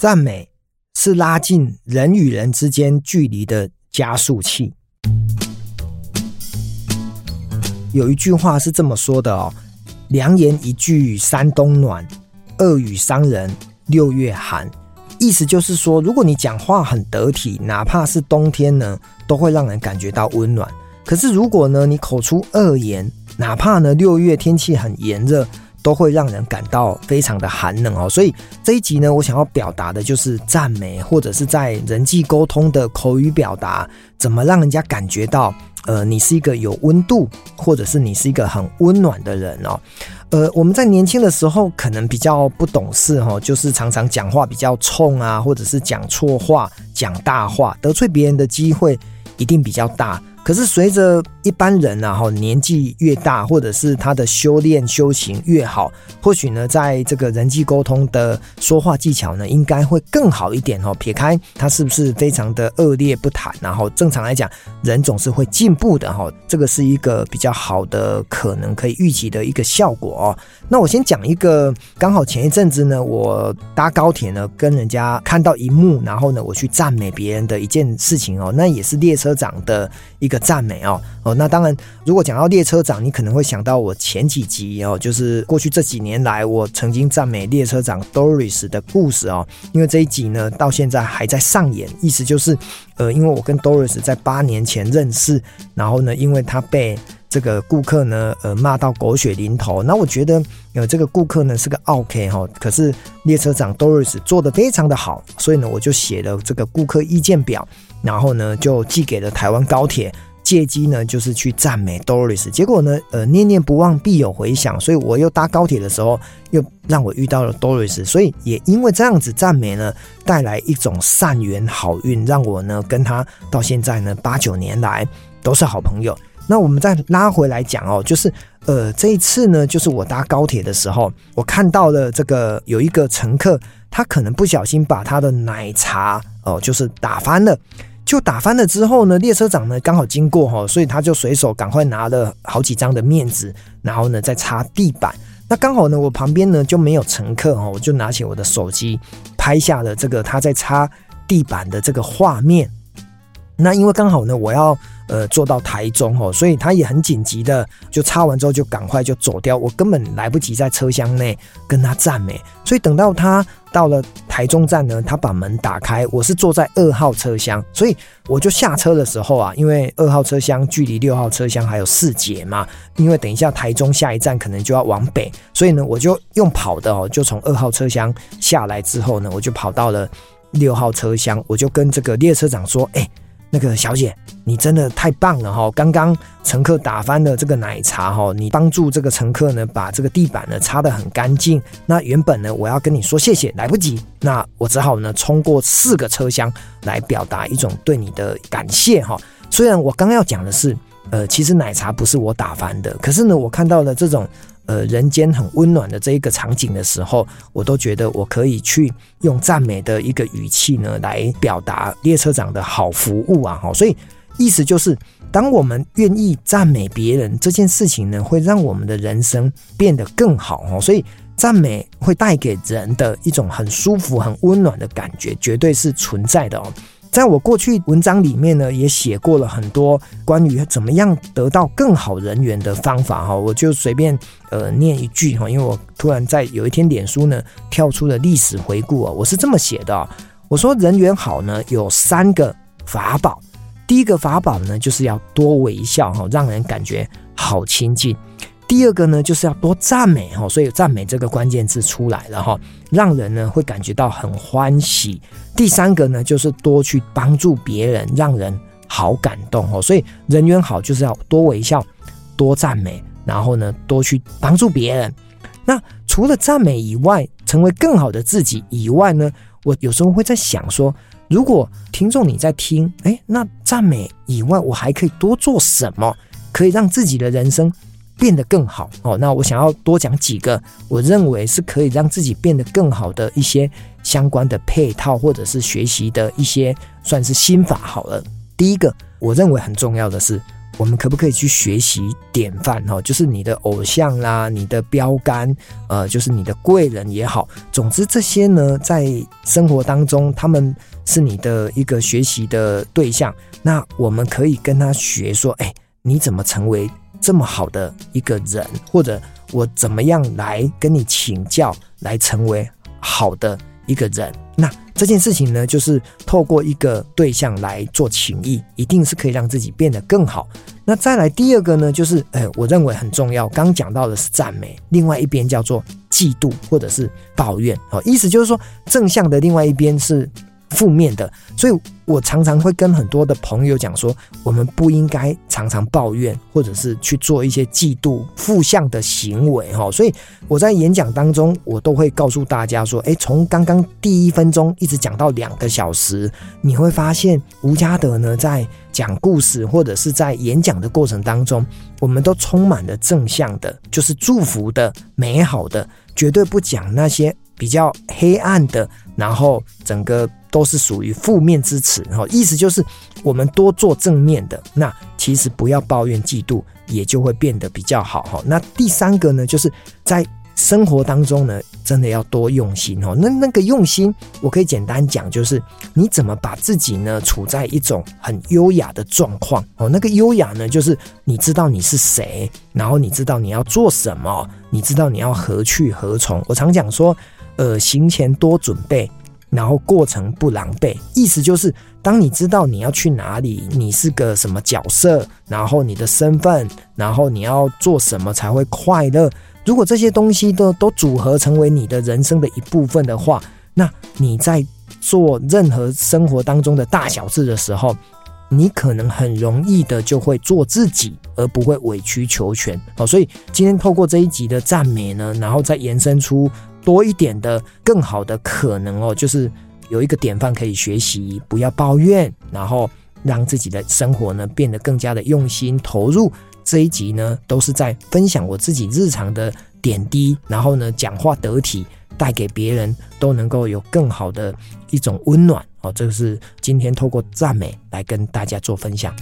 讚美是拉近人與人之間距離的加速器。有一句話是這麼說的哦：“良言一句三冬暖，惡語傷人六月寒。”意思就是說，如果你講話很得體，哪怕是冬天呢，都會讓人感覺到溫暖。可是如果呢，你口出惡言，哪怕呢，六月天氣很炎熱。都會讓人感到非常的寒冷哦，所以這一集呢，我想要表達的就是讚美，或者是在人際溝通的口語表達，怎麼讓人家感覺到，呃，你是一個有溫度，或者是你是一個很溫暖的人哦。呃，我們在年輕的時候可能比較不懂事哦，就是常常講話比較衝啊，或者是講錯話、講大話，得罪別人的機會一定比較大。可是隨着一般人啊，齁，年紀越大，或者是他的修煉修行越好，或許呢，在這個人際溝通的說話技巧呢，應該會更好一點，哦，撇開他是不是非常的惡劣不談，然後正常來講，人總是會進步的，哦，這個是一個比較好的可能可以預期的一個效果哦。那我先講一個，剛好前一陣子呢，我搭高鐵呢，跟人家看到一幕，然後呢，我去讚美別人的一件事情哦，那也是列車長的一。一個讚美哦哦，那當然，如果講到列車長，你可能會想到我前幾集哦，就是過去這幾年來，我曾經讚美列車長 Doris 的故事哦。因為這一集呢，到現在還在上演，意思就是，呃，因為我跟 Doris 在八年前認識，然後呢，因為他被。這個顧客呢，呃，罵到狗血淋頭。那我覺得，呃，這個顧客呢是個 OK 哈。可是列車長 Doris 做得非常的好，所以呢，我就寫了這個顧客意見表，然後呢，就寄給了台灣高鐵，借機呢，就是去讚美 Doris。結果呢，呃，念念不忘必有回響，所以我又搭高鐵的時候，又讓我遇到了 Doris。所以也因為這樣子讚美呢，帶來一種善緣好運，讓我呢跟他到現在呢八九年來都是好朋友。那我們再拉回來講哦，就是呃這一次呢，就是我搭高鐵的時候，我看到了這個有一個乘客，他可能不小心把他的奶茶哦、呃，就是打翻了，就打翻了之後呢，列車長呢剛好經過哦，所以他就隨手趕快拿了好幾張的面紙，然後呢再擦地板。那剛好呢，我旁邊呢就沒有乘客哦，我就拿起我的手機拍下了這個他在擦地板的這個畫面。那因為剛好呢，我要呃坐到台中哦、喔，所以他也很緊急的就擦完之後就趕快就走掉，我根本來不及在車廂內跟他讚美。所以等到他到了台中站呢，他把門打開，我是坐在二號車廂，所以我就下車的時候啊，因為二號車廂距離六號車廂還有四節嘛，因為等一下台中下一站可能就要往北，所以呢，我就用跑的哦、喔，就從二號車廂下來之後呢，我就跑到了六號車廂，我就跟這個列車長說，哎、欸。那個小姐，你真的太棒了哈、哦！剛剛乘客打翻了這個奶茶哈，你幫助這個乘客呢，把這個地板呢擦得很乾淨。那原本呢，我要跟你說謝謝，來不及，那我只好呢，衝過四個車廂來表達一種對你的感謝哈。雖然我剛要講的是，呃，其實奶茶不是我打翻的，可是呢，我看到了這種。呃，人間很溫暖的這一個場景的時候，我都覺得我可以去用讚美的一個語氣呢來表達列車長的好服務啊！所以意思就是，當我們願意讚美別人這件事情呢，會讓我們的人生變得更好哦。所以，讚美會帶給人的一種很舒服、很溫暖的感覺，絕對是存在的哦。在我過去文章裡面呢，也寫過了很多關於怎麼樣得到更好人緣的方法哈，我就隨便呃念一句哈，因為我突然在有一天臉書呢跳出了歷史回顧啊，我是這麼寫的，我說人緣好呢有三個法寶，第一個法寶呢就是要多微笑哈，讓人感覺好親近。第二個呢，就是要多讚美哈，所以讚美這個關鍵字出來了哈，讓人呢會感覺到很歡喜。第三個呢，就是多去幫助別人，讓人好感動哈。所以人緣好就是要多微笑，多讚美，然後呢多去幫助別人。那除了讚美以外，成為更好的自己以外呢，我有時候會在想說，如果聽眾你在聽，欸，那讚美以外，我還可以多做什麼，可以讓自己的人生變得更好哦，那我想要多講幾個我認為是可以讓自己變得更好的一些相關的配套或者是學習的一些算是心法好了。第一個，我認為很重要的是，我們可不可以去學習典範哦？就是你的偶像啦，你的標杆，呃，就是你的貴人也好。總之，這些呢，在生活當中，他們是你的一個學習的對象。那我們可以跟他學說，哎、欸，你怎麼成為？這麼好的一個人，或者我怎麼樣來跟你請教，來成為好的一個人？那這件事情呢，就是透過一個對象來做情誼，一定是可以讓自己變得更好。那再來第二個呢，就是，哎，我認為很重要。剛講到的是讚美，另外一邊叫做嫉妒或者是抱怨。哦，意思就是說，正向的另外一邊是。負面的，所以我常常會跟很多的朋友講說，我們不應該常常抱怨，或者是去做一些嫉妒、負向的行為，哈。所以我在演講當中，我都會告訴大家說，哎、欸，從剛剛第一分鐘一直講到兩個小時，你會發現吳家德呢，在講故事或者是在演講的過程當中，我們都充滿了正向的，就是祝福的、美好的，絕對不講那些比較黑暗的，然後整個。都是屬於負面之詞，意思就是我們多做正面的，那其實不要抱怨、嫉妒，也就會變得比較好。那第三個呢，就是在生活當中呢，真的要多用心哦。那那個用心，我可以簡單講，就是你怎麼把自己呢處在一種很優雅的狀況哦。那個優雅呢，就是你知道你是誰，然後你知道你要做什麼，你知道你要何去何從。我常講說，呃，行前多準備。然後過程不狼狽，意思就是，當你知道你要去哪裡，你是個什麼角色，然後你的身份，然後你要做什麼才會快樂。如果這些東西都都組合成為你的人生的一部分的話，那你在做任何生活當中的大小事的時候，你可能很容易的就會做自己，而不會委曲求全。好，所以今天透過這一集的讚美呢，然後再延伸出。多一點的，更好的可能哦，就是有一個典範可以學習，不要抱怨，然後讓自己的生活呢變得更加的用心投入。這一集呢，都是在分享我自己日常的點滴，然後呢，講話得體，帶給別人都能夠有更好的一種溫暖哦。這個是今天透過讚美來跟大家做分享。